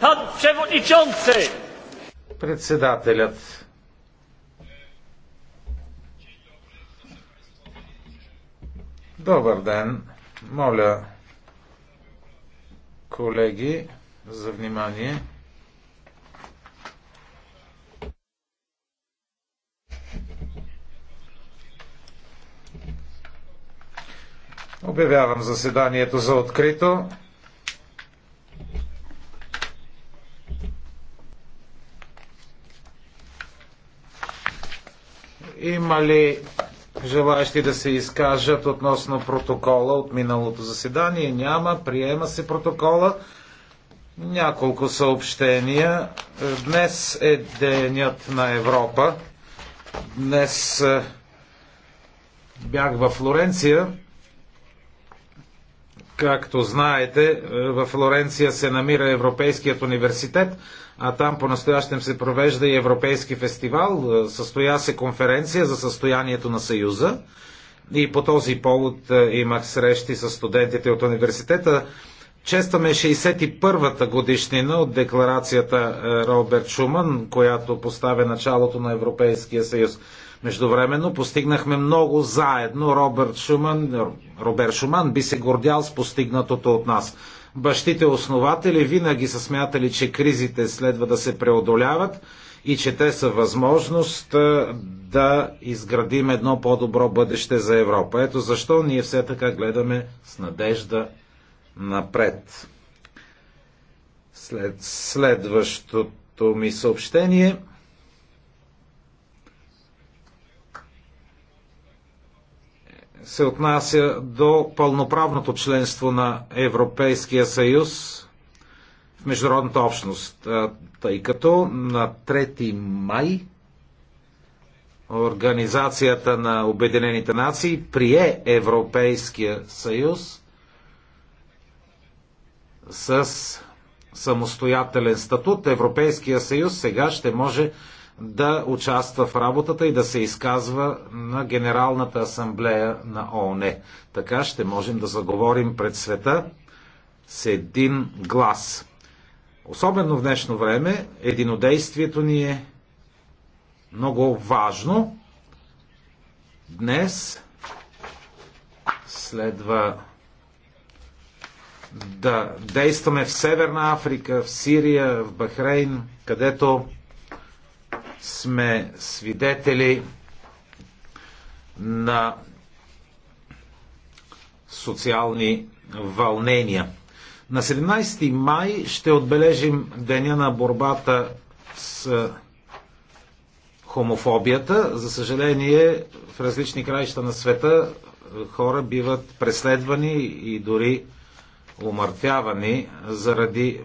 Pan przewodniczący! Председателят. Добър ден. Моля, колеги, за внимание. Обявявам заседанието за открито. Има ли желаящи да се изкажат относно протокола от миналото заседание? Няма. Приема се протокола. Няколко съобщения. Днес е Денят на Европа. Днес е, бях във Флоренция. Както знаете, е, в Флоренция се намира Европейският университет, а там по-настоящем се провежда и Европейски фестивал. Е, състоя се конференция за състоянието на Съюза и по този повод е, имах срещи с студентите от университета. Честваме 61-та годишнина от декларацията е, Роберт Шуман, която поставя началото на Европейския съюз. Междувременно постигнахме много заедно. Роберт Шуман, е, Роберт Шуман би се гордял с постигнатото от нас. Бащите основатели винаги са смятали, че кризите следва да се преодоляват и че те са възможност е, да изградим едно по-добро бъдеще за Европа. Ето защо ние все така гледаме с надежда напред. След следващото ми съобщение се отнася до пълноправното членство на Европейския съюз в международната общност, тъй като на 3 май Организацията на Обединените нации прие Европейския съюз с самостоятелен статут, Европейския съюз сега ще може да участва в работата и да се изказва на Генералната асамблея на ООН. Така ще можем да заговорим пред света с един глас. Особено в днешно време единодействието ни е много важно. Днес следва да действаме в Северна Африка, в Сирия, в Бахрейн, където сме свидетели на социални вълнения. На 17 май ще отбележим Деня на борбата с хомофобията. За съжаление, в различни краища на света хора биват преследвани и дори умъртвявани заради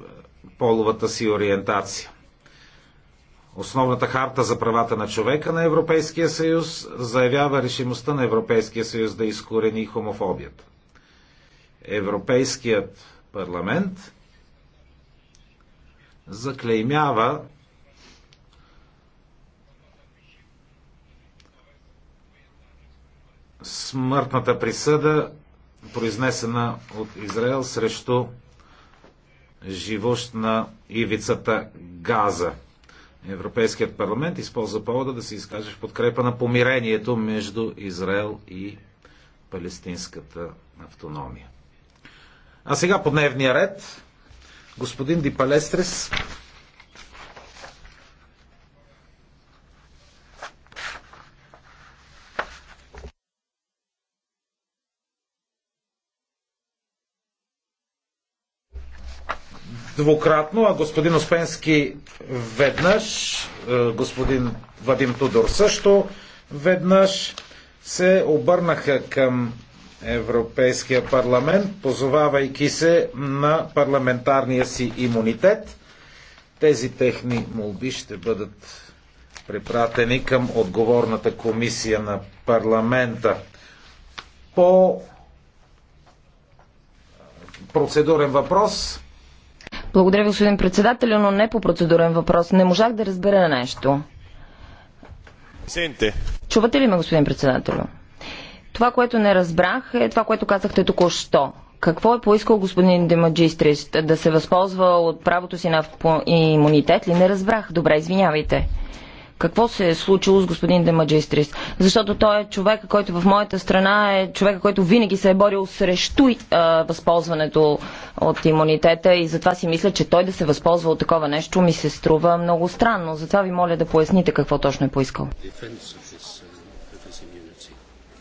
половата си ориентация. Основната харта за правата на човека на Европейския съюз заявява решимостта на Европейския съюз да изкорени хомофобията. Европейският парламент заклеймява смъртната присъда произнесена от Израел срещу живощ на ивицата Газа. Европейският парламент използва повода да се изкаже в подкрепа на помирението между Израел и палестинската автономия. А сега по дневния ред господин Дипалестрес двукратно, а господин Успенски веднъж, е, господин Вадим Тудор също веднъж се обърнаха към Европейския парламент, позовавайки се на парламентарния си имунитет. Тези техни молби ще бъдат препратени към отговорната комисия на парламента. По процедурен въпрос благодаря ви, господин председател, но не по процедурен въпрос. Не можах да разбера нещо. Сенте. Чувате ли ме, господин председател? Това, което не разбрах, е това, което казахте току-що. Какво е поискал господин Демаджистрис? Да се възползва от правото си на имунитет ли? Не разбрах. Добре, извинявайте какво се е случило с господин Демаджистрис. Защото той е човек, който в моята страна е човек, който винаги се е борил срещу а, е, възползването от имунитета и затова си мисля, че той да се възползва от такова нещо ми се струва много странно. Затова ви моля да поясните какво точно е поискал.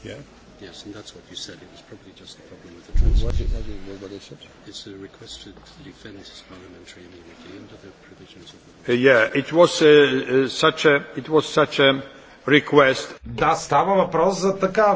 Yeah. Yes, and that's what you said. It was probably just a problem with the transcript. What, what, what is it? It's a request to defend his parliamentary immunity under the provisions of the... Yeah, it was, uh, such a, it was such a request. Да, става въпрос за така